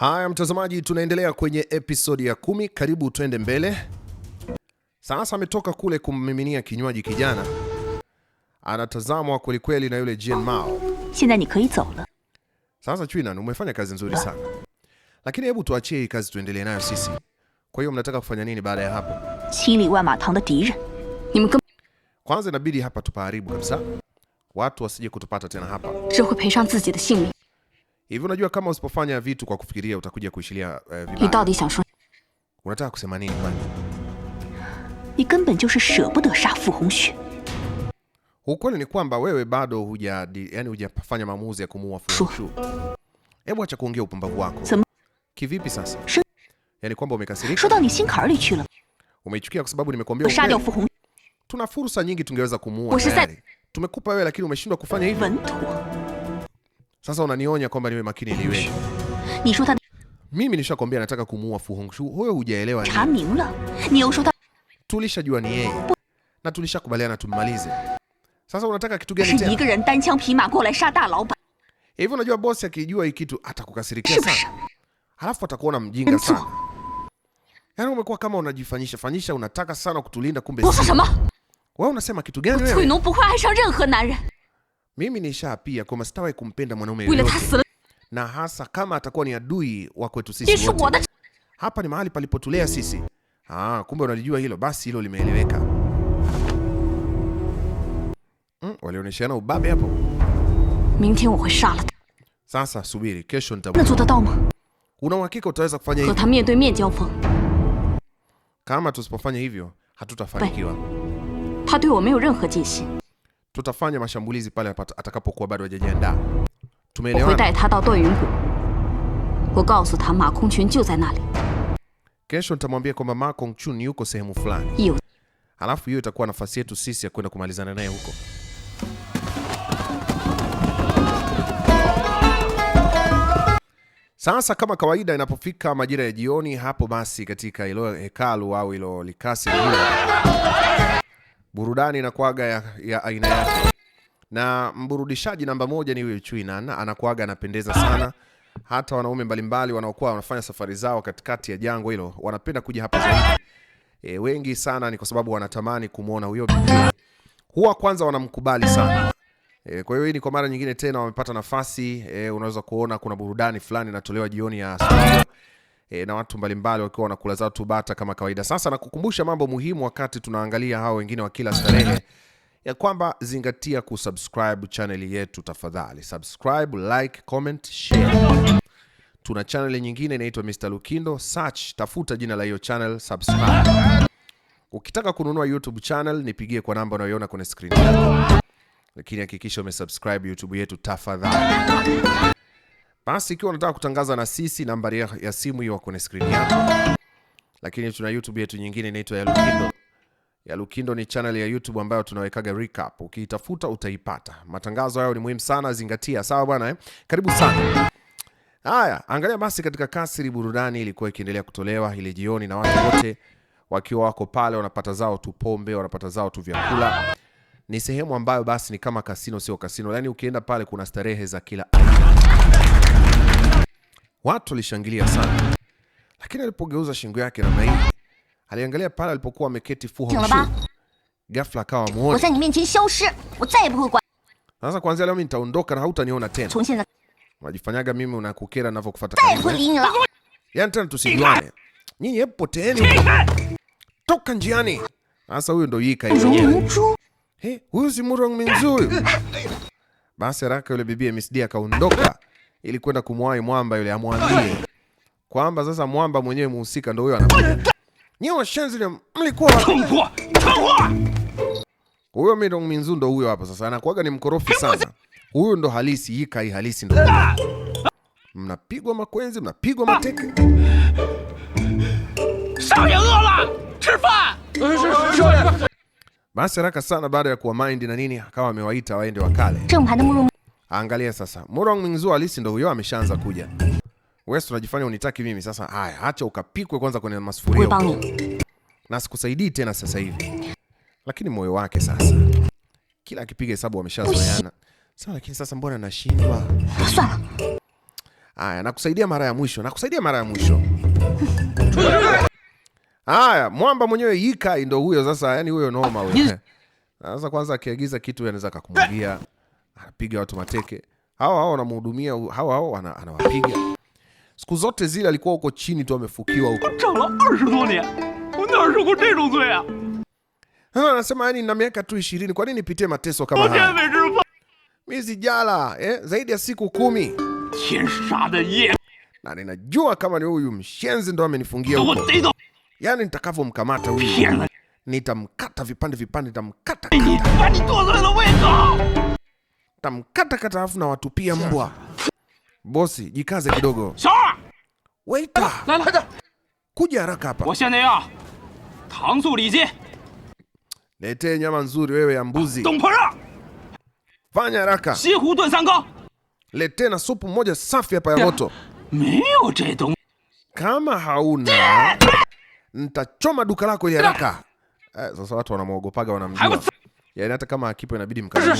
Haya mtazamaji, tunaendelea kwenye episodi ya kumi. Karibu twende mbele. Sasa ametoka kule kummiminia kinywaji kijana, anatazamwa kwelikweli na yule Jin Mao. Sasa China, umefanya kazi nzuri sana, lakini hebu tuachie hii kazi tuendelee nayo sisi. Kwa hiyo mnataka kufanya nini baada ya hapo? Kwanza inabidi hapa tupaharibu kabisa, watu wasije kutupata tena hapa Hivi unajua kama usipofanya vitu kwa kufikiria utakuja kuishilia eh, vibaya. Unataka kusema nini kwani? Ukweli ni kwamba wewe bado huja yani hujafanya maamuzi ya kumuua Fu Hongxue. Hebu acha kuongea upumbavu wako. Kivipi sasa? Yani kwamba umekasirika? Umeichukia kwa sababu nimekuambia tuna fursa nyingi tungeweza kumuua. Tumekupa wewe lakini umeshindwa kufanya hivyo. Sasa unanionya kwamba niwe makini niwe. Mimi nishakwambia nataka kumuua Fu Hongxue. Huyo hujaelewa nini? Tulishajua ni yeye. Na tulishakubaliana tumalize. Sasa unataka kitu gani tena? Hivi unajua bosi akijua hii kitu atakukasirikia sana. Halafu atakuona mjinga sana. Yaani umekuwa kama unajifanyisha fanyisha, unataka sana kutulinda kumbe. Wewe unasema kitu gani wewe? Mimi nishaapia kwa sitawahi kumpenda mwanaume yoyote, na hasa kama atakuwa ni adui wa kwetu sisi wote. Hapa ni mahali palipotulea sisi. Ah, kumbe unalijua hilo. Basi hilo limeeleweka. Mm, walionyeshana ubabe hapo. Sasa subiri, kesho nitakuwa. Una uhakika utaweza kufanya hivyo? Kama tusipofanya hivyo, hatutafanikiwa tutafanya mashambulizi pale atakapokuwa bado hajajiandaa. Tumeelewana. Kesho nitamwambia kwamba Ma Kongqun yuko sehemu fulani, alafu hiyo itakuwa nafasi yetu sisi ya kwenda kumalizana naye huko. Sasa kama kawaida, inapofika majira ya jioni, hapo basi katika ilo hekalu au ilo likasi burudani inakuaga ya, ya aina yake, na mburudishaji namba moja ni huyu Chwinan, anakuaga anapendeza sana. Hata wanaume mbalimbali wanaokuwa wanafanya safari zao katikati ya jangwa hilo wanapenda kuja hapa zaidi. E, wengi sana ni kwa sababu wanatamani kumwona huyo bibi, huwa kwanza wanamkubali sana. E, kwa hiyo hii ni kwa mara nyingine tena wamepata nafasi. E, unaweza kuona kuna burudani fulani inatolewa jioni ya e, na watu mbalimbali wakiwa wanakula zao tu bata kama kawaida. Sasa nakukumbusha mambo muhimu wakati tunaangalia hao wengine wa kila starehe ya kwamba zingatia kusubscribe channel yetu tafadhali. Subscribe, like, comment, share. Tuna channel nyingine inaitwa Mr. Lukindo, search, tafuta jina la hiyo channel, subscribe. Ukitaka kununua YouTube channel nipigie kwa namba unayoiona kwenye screen. Lakini hakikisha umesubscribe YouTube yetu tafadhali. Basi ikiwa unataka kutangaza na sisi, nambari ya simu hiyo kwenye skrini yako, lakini tuna YouTube yetu nyingine inaitwa ya Lukindo. Ya Lukindo ni channel ya YouTube ambayo tunawekaga recap, ukiitafuta utaipata. Matangazo hayo ni muhimu sana, zingatia. Sawa bwana eh? Karibu sana. Haya, angalia basi katika kasri burudani ilikuwa ikiendelea kutolewa ile jioni, na watu wote wakiwa wako pale wanapata zao tu pombe, wanapata zao tu vyakula. Ni sehemu ambayo basi ni kama kasino, sio kasino, yaani ukienda pale kuna starehe za kila aina. Watu walishangilia sana, lakini alipogeuza shingo yake namna hii, aliangalia pale alipokuwa ameketi Fu Hongxue, ghafla akawa muone. Sasa kuanzia leo mimi nitaondoka na hautaniona tena. Unajifanyaga mimi unakukera ninavyokufuata kama. Eh? Yaani tena tusijuane. Nyinyi hebu poteeni. Toka njiani. Sasa huyo ndo yika eh, huyu si Murong Minzu. Basi haraka yule bibi MSD akaondoka ili kwenda kumwahi mwamba yule, amwambie kwamba sasa mwamba mwenyewe muhusika ndo huyo anakuja. Nyewe washenzi mlikuwa huyo Midong Minzu ndo huyo hapa sasa, anakuaga ni mkorofi sana. Huyu ndo halisi, hii kai halisi ndo. Ah! Mnapigwa makwenzi, mnapigwa ah! mateke. Basi haraka sana baada ya kuwa mind na nini, akawa amewaita waende wakale. Angalia sasa, Morong Mingzu alisi ndo huyo ameshaanza kuja. Wewe unajifanya unitaki mimi sasa. Haya, acha ukapikwe kwanza kwenye masufuria. Na sikusaidii tena sasa hivi. Lakini moyo wake sasa. Kila akipiga hesabu ameshazoeana. Sasa lakini sasa mbona nashindwa? Sasa. Haya, nakusaidia mara ya mwisho. Nakusaidia mara ya mwisho. Haya, mwamba mwenyewe Yika ndo huyo sasa, yani huyo noma wewe. Sasa kwanza akiagiza kitu anaweza akakumwagia anapiga watu mateke, hawa hawa wanamhudumia, hawa hawa anawapiga. Siku zote zile alikuwa huko chini tu amefukiwa huko. Anasema yani, na miaka tu ishirini, kwa nini nipitie mateso kama haya? Mimi sijala eh, zaidi ya siku kumi na ninajua kama ni huyu mshenzi ndo amenifungia huko. Yaani nitakavyomkamata huyu nitamkata vipande vipande, nitamkata kata tamkata kata afu na watupia mbwa. Bosi, jikaze kidogo. Waita. kuja haraka hapa. Letee nyama nzuri wewe ya mbuzi. Fanya haraka. Letee na supu moja safi hapa ya moto. Kama hauna nitachoma duka lako ya haraka. Eh, sasa watu wanamwogopaga wanamjua. Yaani hata kama akipo inabidi mkabili.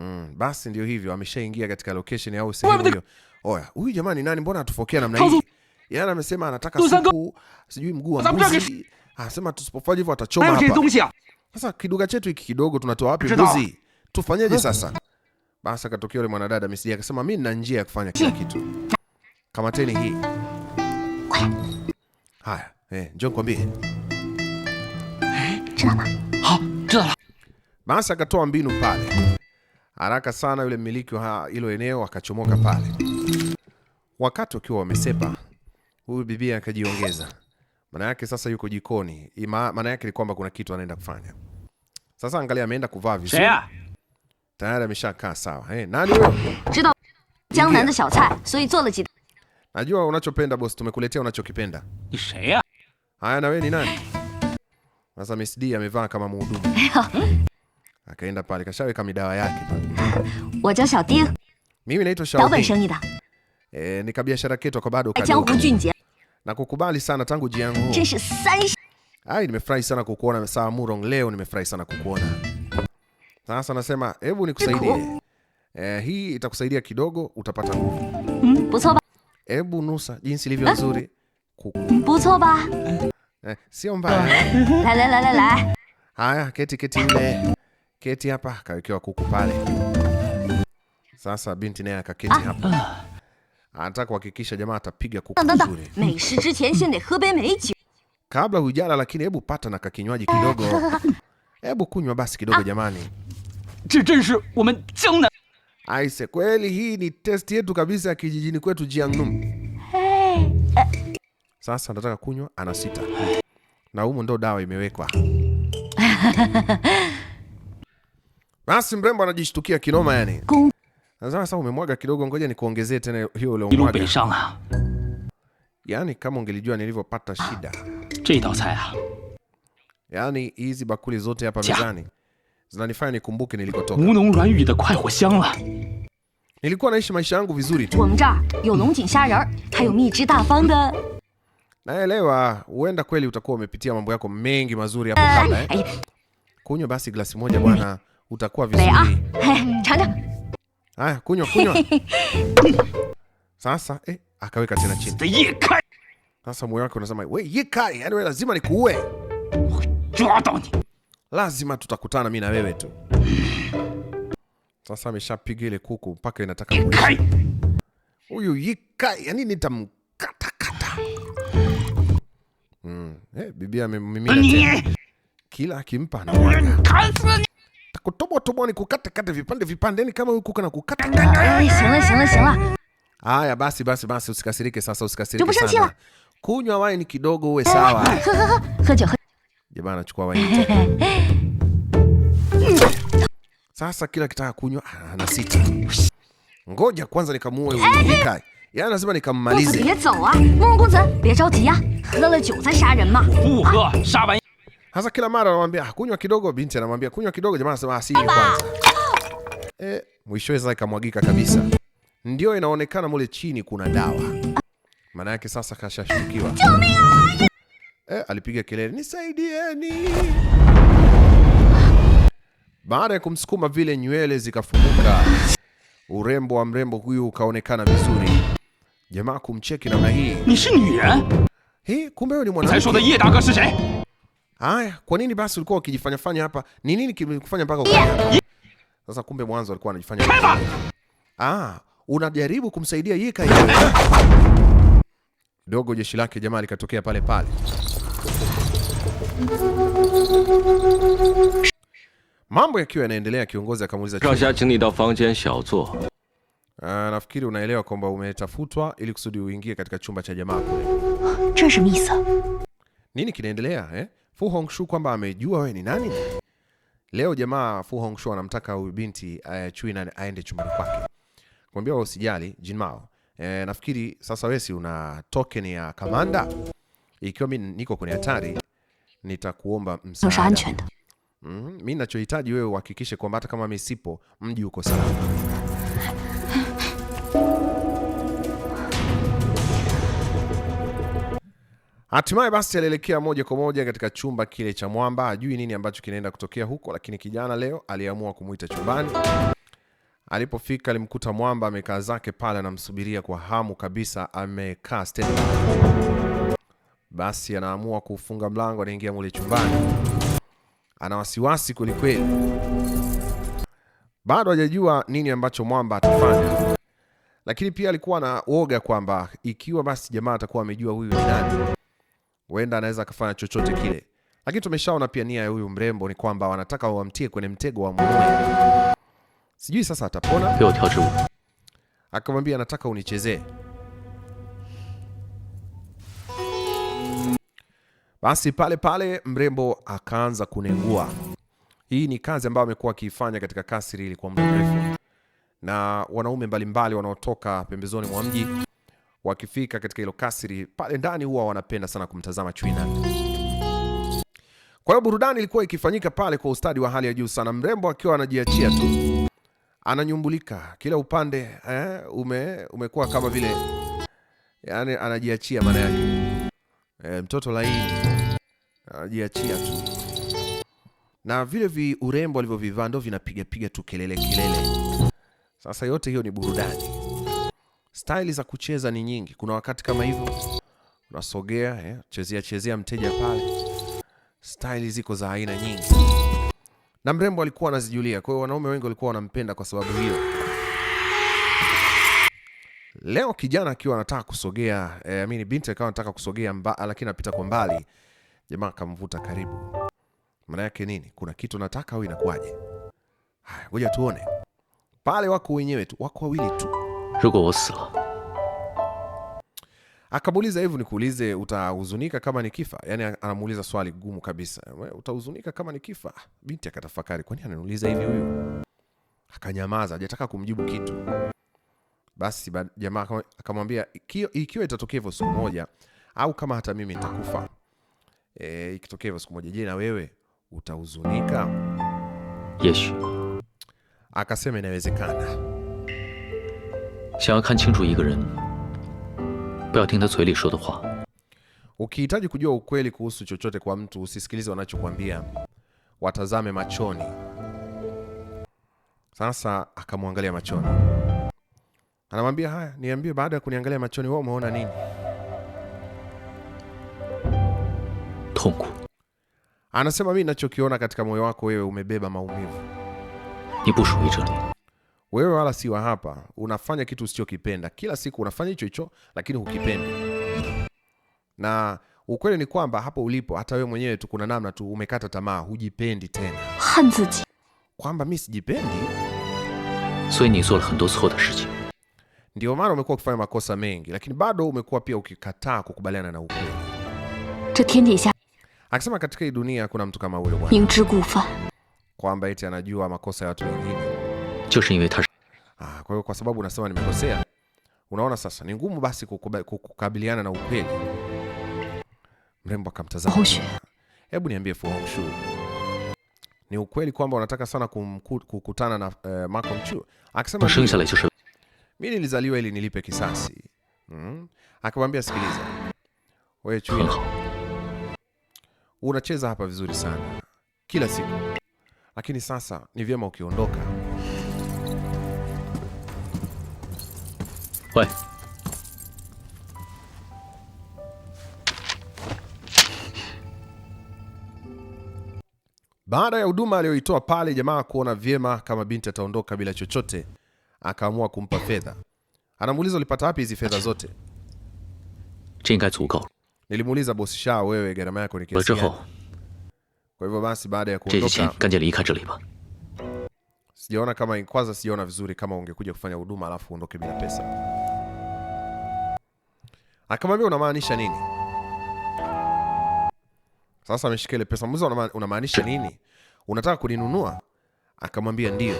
Mm, basi ndio hivyo ameshaingia katika location au sehemu hiyo. Oya, huyu jamani nani mbona atufokea namna hii? Yaani amesema anataka supu, sijui mguu wa mbuzi. Anasema tusipofanya hivyo atachoma hapa. Sasa kiduga chetu hiki kidogo tunatoa wapi mbuzi? Tufanyeje sasa? Basi akatokea yule mwanadada msidi akasema mimi nina njia ya kufanya kila kitu. Kamateni hii. Haya, eh, njoo nikwambie. Eh, basi akatoa mbinu pale. Haraka sana yule mmiliki wa hilo eneo akachomoka pale. Wakati wakiwa wamesepa, huyu bibi akajiongeza. Maana yake sasa yuko jikoni. Maana yake ni kwamba kuna kitu anaenda kufanya. Sasa angalia, ameenda kuvaa vizuri. Tayari ameshakaa sawa. Hey, eh, nani huyo? Najua unachopenda boss, tumekuletea unachokipenda. Haya, na wewe ni nani? Sasa Miss D amevaa kama mhudumu. Akaenda pale kashaweka midawa yake pale. Mimi naitwa Xiaoding. Eh, ni kabiashara ketu kwa bado kadogo. Na kukubali sana tangu jiangu. Ai, nimefurahi sana kukuona Saa Murong leo, nimefurahi sana kukuona. Sasa nasema hebu nikusaidie. Eh, hii itakusaidia kidogo utapata nguvu. Mm, hebu nusa jinsi ilivyo ah. nzuri. Mm, eh, sio mbaya. Haya, keti keti ile keti hapa, kawekewa kuku pale. Sasa binti naye akaketi ah. hapa, anataka kuhakikisha jamaa atapiga kuku vizuri kabla hujala, lakini hebu pata na kakinywaji kidogo, hebu kunywa basi kidogo ah. jamani. Aise, kweli hii ni test yetu kabisa ya kijijini kwetu Jiangnum. Eh. Sasa anataka kunywa, sita na humu ndo dawa imewekwa Basi mrembo anajishtukia kinoma yani. Anasema sasa umemwaga kidogo, ngoja nikuongezee tena hiyo ile umwaga. Yani kama ungelijua nilivyopata shida. Yani hizi bakuli zote hapa mezani zinanifanya nikumbuke nilikotoka. Nilikuwa naishi maisha yangu vizuri tu. Naelewa, huenda kweli utakuwa umepitia mambo yako mengi mazuri hapo eh, kabla eh. Kunywa basi glasi moja bwana utakuwa vizuri. Ah, Haya, kunywa kunywa. Sasa eh, akaweka tena chini. Sasa moyo wake unasema we ye kai, yani wewe lazima nikuue. Lazima tutakutana mimi na wewe tu. Sasa ameshapiga ile kuku mpaka inataka kuisha. Huyu ye kai, yani nitamkata kata. Mm, eh, bibi amemimina tena. Kila akimpa anamwaga. Kutoboa toboa ni kukata kata vipande vipande, ni kama huku kana kukata. Haya basi basi basi, usikasirike sasa, usikasirike sana. Kunywa wine kidogo uwe sawa. Jamaa anachukua wine. Sasa kila kitaka kunywa anasita. Ah, ngoja kwanza nikamuue huyu Mikali. Yaani lazima nikammalize. Hasa kila mara anamwambia ah, kunywa kidogo, binti anamwambia kunywa kidogo, jamaa anasema asinywe ah, kwanza. Eh, mwishowe sasa ikamwagika kabisa. Ndio inaonekana mule chini kuna dawa. Maana yake sasa kashashukiwa. Eh, alipiga kelele, nisaidieni. Baada ya kumsukuma vile, nywele zikafunguka, urembo wa mrembo huyu ukaonekana vizuri. Jamaa kumcheki namna hii, Ni shinyu ya? Eh? kumbe huyu ni mwanamke. Sasa shoda ye Haya, kwa nini basi ulikuwa ukijifanya fanya hapa? Ni nini kimekufanya mpaka sasa? Kumbe mwanzo alikuwa anajifanya. Ah, unajaribu kumsaidia yeye kai. Dogo jeshi lake jamaa likatokea pale pale. Mambo yakiwa yanaendelea, kiongozi akamuuliza, ah, nafikiri unaelewa kwamba umetafutwa ili kusudi uingie katika chumba cha jamaa kule. Nini kinaendelea eh? Fu Hongxue kwamba amejua wewe ni nani. Leo jamaa Fu Hongxue anamtaka huyu binti uh, Chui aende chumbani kwake. Kumwambia usijali Jin Mao. E, nafikiri sasa wewe si una token ya kamanda. Ikiwa mimi niko kwenye hatari nitakuomba msaada. Mm, mimi ninachohitaji wewe uhakikishe kwamba hata kama mimi sipo mji uko salama. Hatimaye basi alielekea moja kwa moja katika chumba kile cha Mwamba. ajui nini ambacho kinaenda kutokea huko, lakini kijana leo aliamua kumuita chumbani. Alipofika alimkuta Mwamba amekaa zake pale, anamsubiria kwa hamu kabisa, amekaa stendi. Basi anaamua kufunga mlango, anaingia mule chumbani, ana wasiwasi kwelikweli, bado hajajua nini ambacho Mwamba atafanya, lakini pia alikuwa na woga kwamba ikiwa basi jamaa atakuwa amejua huyu ni nani huenda anaweza akafanya chochote kile, lakini tumeshaona pia nia ya huyu mrembo ni kwamba wanataka wamtie kwenye mtego wa mume. Sijui sasa atapona. Akamwambia nataka unichezee. Basi pale pale mrembo akaanza kunengua. Hii ni kazi ambayo amekuwa akiifanya katika kasri hili kwa muda mrefu, na wanaume mbalimbali wanaotoka pembezoni mwa mji wakifika katika hilo kasri pale ndani huwa wanapenda sana kumtazama Chwina. Kwa hiyo burudani ilikuwa ikifanyika pale kwa ustadi wa hali ya juu sana, mrembo akiwa anajiachia tu, ananyumbulika kila upande eh, ume, umekuwa kama vile yani anajiachia maana yake eh, mtoto laini anajiachia tu, na vile vi urembo alivyovivaa ndo vinapigapiga tu kelele kelele. Sasa yote hiyo ni burudani. Staili za kucheza ni nyingi. Kuna wakati kama hivyo unasogea eh, chezea chezea mteja pale. Staili ziko za aina nyingi, na mrembo alikuwa anazijulia, kwa hiyo wanaume wengi walikuwa wanampenda kwa sababu hiyo. Leo kijana akiwa anataka kusogea eh, amini binti akawa anataka kusogea mba, lakini anapita kwa mbali, jamaa akamvuta karibu. Maana yake nini? Kuna kitu nataka au inakuwaje? Haya, ngoja tuone. Pale wako wenyewe tu, wako wawili tu 如果我死了。Akamuuliza hivyo, nikuulize, utahuzunika kama nikifa? Yani anamuuliza swali gumu kabisa, utahuzunika kama nikifa? Binti akatafakari, kwani ananiuliza hivi huyu? Akanyamaza, hajataka kumjibu kitu. Basi jamaa akamwambia, ikiwa itatokea hivyo siku moja, au kama hata mimi nitakufa, e, ikitokea hivyo siku moja, je, na wewe utahuzunika? Yes. Akasema inawezekana. 想要看清楚一个人，不要听他嘴里说的话。Ukihitaji kujua ukweli kuhusu chochote kwa mtu, usisikilize wanachokuambia, watazame machoni. Sasa akamwangalia machoni, anamwambia haya, niambie, baada ya kuniangalia machoni, wa umeona nini? Tonku anasema, mi nachokiona katika moyo wako wewe umebeba maumivu. Ni bushuijeni wewe wala siwa hapa, unafanya kitu usichokipenda. Kila siku unafanya hicho hicho, lakini hukipendi. Na ukweli ni kwamba hapo ulipo, hata wewe mwenyewe tu, kuna namna tu umekata tamaa, hujipendi tena, kwamba mimi sijipendi. Ndio maana umekuwa ukifanya makosa mengi, lakini bado umekuwa pia ukikataa kukubaliana na ukweli. Akisema katika hii dunia kuna mtu kama huyo bwana, kwamba eti anajua makosa ya watu wengine Ah, kwa hiyo kwa sababu unasema nimekosea, unaona sasa ni ngumu basi kukabiliana na ukweli. Mrembo akamtazama. Hebu niambie Fu Hongxue, ni ukweli kwamba unataka sana kukutana na uh, Ma Kongqun? Akasema mimi nilizaliwa ili nilipe kisasi. Mm. Akamwambia sikiliza, wewe chui, unacheza hapa vizuri sana kila siku, lakini sasa ni vyema ukiondoka Ouais. Baada ya huduma aliyoitoa pale, jamaa kuona vyema kama binti ataondoka bila chochote, akaamua kumpa fedha. Anamuuliza, ulipata wapi hizi fedha zote? Nilimuuliza bosi Sha, wewe gharama yako ni kiasi gani? Kwa hivyo basi, baada ya kuondoka, sijaona kama kwanza, sijaona vizuri kama ungekuja kufanya huduma alafu uondoke bila pesa akamwambia unamaanisha nini? Sasa ameshika ile pesa, muuliza unamaanisha nini? Unataka kuninunua? Akamwambia ndio.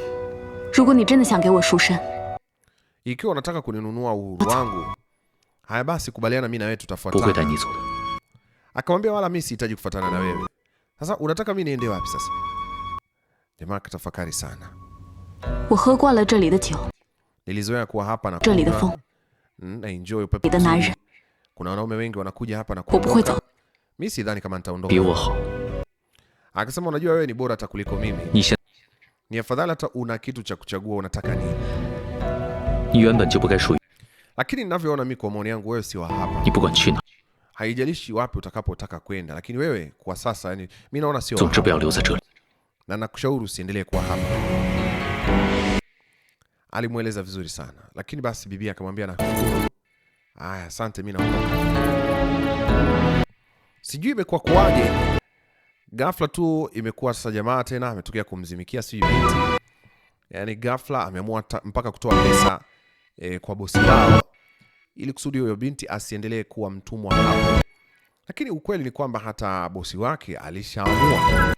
Ikiwa unataka kuninunua uhuru wangu, haya basi kubaliana mimi na wewe tutafuatana. Akamwambia wala mimi sihitaji kufuatana na wewe. Sasa unataka mimi niende wapi sasa? Jamaa akatafakari sana. Nilizoea kuwa hapa na kunywa na enjoy upepo kuna wanaume wengi wanakuja hapa na kuondoka. Mimi sidhani kama nitaondoka. Akasema unajua wewe ni bora hata kuliko mimi. Ni afadhali hata una kitu cha kuchagua unataka nini. Lakini ninavyoona mimi kwa maoni yangu wewe si wa hapa. Haijalishi wapi utakapotaka kwenda, lakini wewe kwa sasa yani mimi naona sio Na nakushauri usiendelee kwa hapa. Alimweleza vizuri sana. Lakini basi bibi akamwambia na Aya, asante, mimi naondoka. Sijui imekuwa kuwaje, ghafla tu imekuwa sasa, jamaa tena ametokea kumzimikia, sijui binti, yaani ghafla ameamua mpaka kutoa pesa e, kwa bosi wao ili kusudi huyo binti asiendelee kuwa mtumwa hapo. Lakini ukweli ni kwamba hata bosi wake alishaamua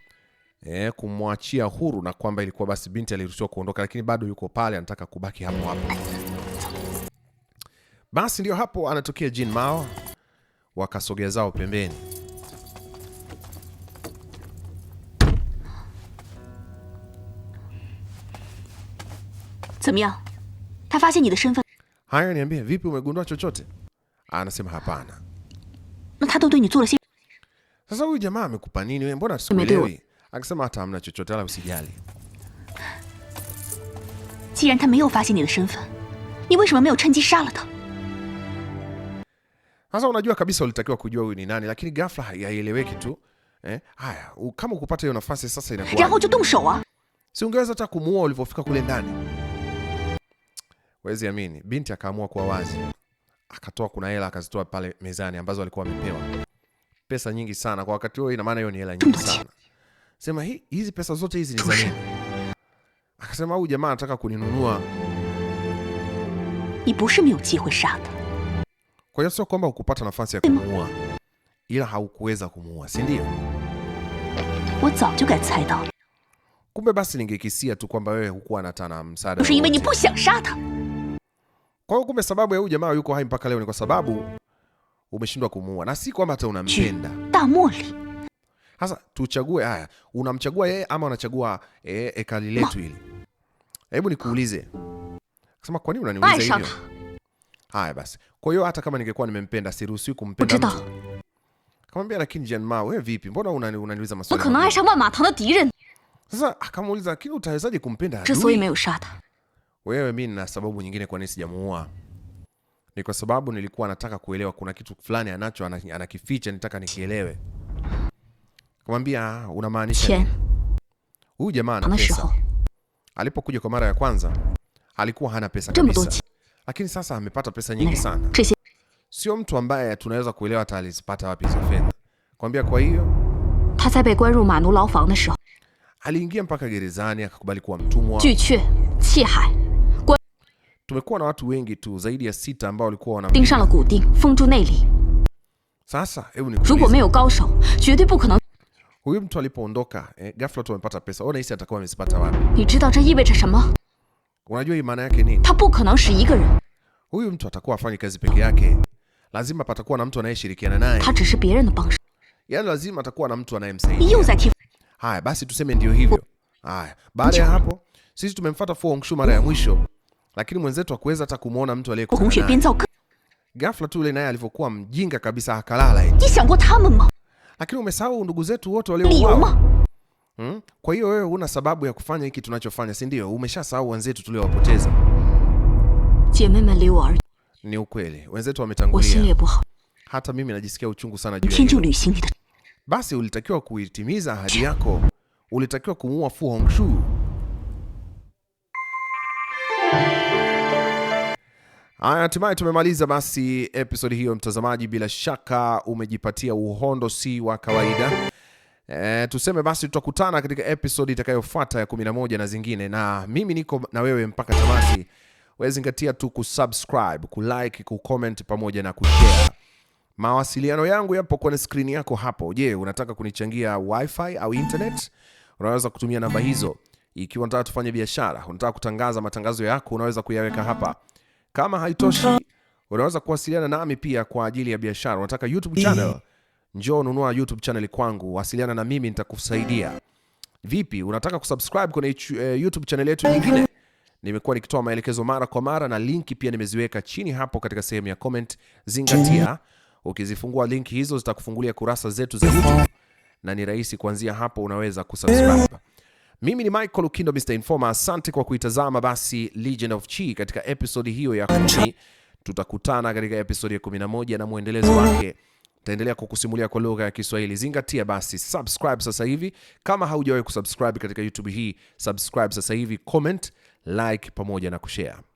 e, kumwachia huru na kwamba ilikuwa basi binti aliruhusiwa kuondoka, lakini bado yuko pale anataka kubaki hapo hapo. Basi ndio hapo anatokea Jin Mao, wakasogea zao pembeni. Haya, niambie, vipi, umegundua chochote? Anasema hapana. Sasa huyu jamaa amekupa nini wewe? Mbona sikuelewi? Akisema hata hamna chochote, ala usijali. ni sasa unajua kabisa ulitakiwa kujua huyu ni nani, lakini ghafla haieleweki tu. Eh, haya, kama ukupata hiyo nafasi sasa inakuwa. Si ungeweza hata kumuua ulipofika kule ndani. Wezi amini, binti akaamua kuwa wazi. Akatoa kuna hela akazitoa pale mezani ambazo alikuwa amepewa. Pesa nyingi sana kwa wakati huo, ina maana hiyo ni hela nyingi sana. Sema hii hizi pesa zote hizi ni za nini? Akasema huyu jamaa anataka kuninunua. Ni kwa hiyo sio kwamba hukupata nafasi ya kumuua, ila haukuweza kumuua, si ndio? Kumbe basi ningekisia tu kwamba wewe hukuwa na tana msaada. Kwa hiyo kumbe sababu ya huyu jamaa yuko hai mpaka leo ni kwa sababu umeshindwa kumuua na si kwamba hata unampenda. Sasa tuchague haya, unamchagua yeye ama unachagua hekali eh, letu hili? Hebu nikuulize. Akasema kwa nini unaniuliza hivyo? Haya basi. Kwa hiyo hata kama ningekuwa nimempenda, siruhusiwi kumpenda mtu. Akamwambia, lakini Jan Ma, wewe vipi? Mbona unaniuliza maswali? Sasa akamuuliza, lakini utawezaje kumpenda adui? Wewe, mimi nina sababu nyingine kwa nini sijamuua. Ni kwa sababu nilikuwa nataka kuelewa, kuna kitu fulani anacho anakificha, nitaka nikielewe. Akamwambia, unamaanisha nini? Huyu jamaa ana pesa. Alipokuja kwa mara ya kwanza alikuwa hana pesa kabisa lakini sasa amepata pesa nyingi sana. Sio mtu ambaye tunaweza kuelewa hata alizipata wapi hizo fedha. Kwambia kwa hiyo aliingia mpaka gerezani akakubali kuwa mtumwa. Tumekuwa na watu wengi tu zaidi ya sita ambao walikuwa wana sasa, hebu ni huyu mtu alipoondoka, eh, ghafla tu amepata pesa. Ona atakuwa amezipata wapi? Unajua hii maana yake nini? Hapo Huyu mtu atakuwa afanye kazi peke yake, lazima patakuwa na mtu anayeshirikiana naye, yaani lazima atakuwa na mtu anayemsaidia. Haya basi, tuseme ndio hivyo. Haya, baada ya hapo sisi tumemfuata Fu Hongxue mara ya mwisho, lakini mwenzetu hakuweza hata kumuona mtu aliyekuwa ghafla tu. Yule naye alivyokuwa mjinga kabisa akalala eti. Lakini umesahau ndugu zetu wote waliouawa Hmm? Kwa hiyo wewe huna sababu ya kufanya hiki tunachofanya, si ndio? Umeshasahau wenzetu tuliowapoteza. Ni ukweli, wenzetu wametangulia. Hata mimi najisikia uchungu sana juu ya Basi ulitakiwa kuitimiza ahadi yako, ulitakiwa kumuua Fu Hongxue. Haya, hatimaye tumemaliza basi episode hiyo, mtazamaji. Bila shaka umejipatia uhondo si wa kawaida. E, tuseme basi tutakutana katika episode itakayofuata ya 11 na zingine, na mimi niko na wewe mpaka tamati. Wewe zingatia tu kusubscribe, kulike, kucomment pamoja na kushare. Mawasiliano yangu yapo kwenye screen yako hapo. Je, unataka kunichangia wifi au internet? Unaweza kutumia namba hizo. Ikiwa unataka tufanye biashara, unataka kutangaza matangazo yako, unaweza kuyaweka hapa. Kama haitoshi, unaweza kuwasiliana nami pia kwa ajili ya biashara. Unataka YouTube channel njoo nunua YouTube channel kwangu, wasiliana na mimi nitakusaidia. Vipi, unataka kusubscribe kwenye eh, YouTube channel yetu nyingine? Nimekuwa nikitoa maelekezo mara kwa mara na linki pia nimeziweka chini hapo katika sehemu ya comment. Zingatia, ukizifungua linki hizo zitakufungulia kurasa zetu za YouTube na ni rahisi kuanzia hapo, unaweza kusubscribe. Mimi ni Michael Lukindo, Mr Informer. Asante kwa kuitazama basi Legend of Chi katika episodi hiyo ya kumi. Tutakutana katika episodi ya 11 na mwendelezo wake taendelea kukusimulia kwa lugha ya Kiswahili. Zingatia basi, subscribe sasa hivi kama haujawahi kusubscribe katika YouTube hii, subscribe sasa hivi, comment, like pamoja na kushare.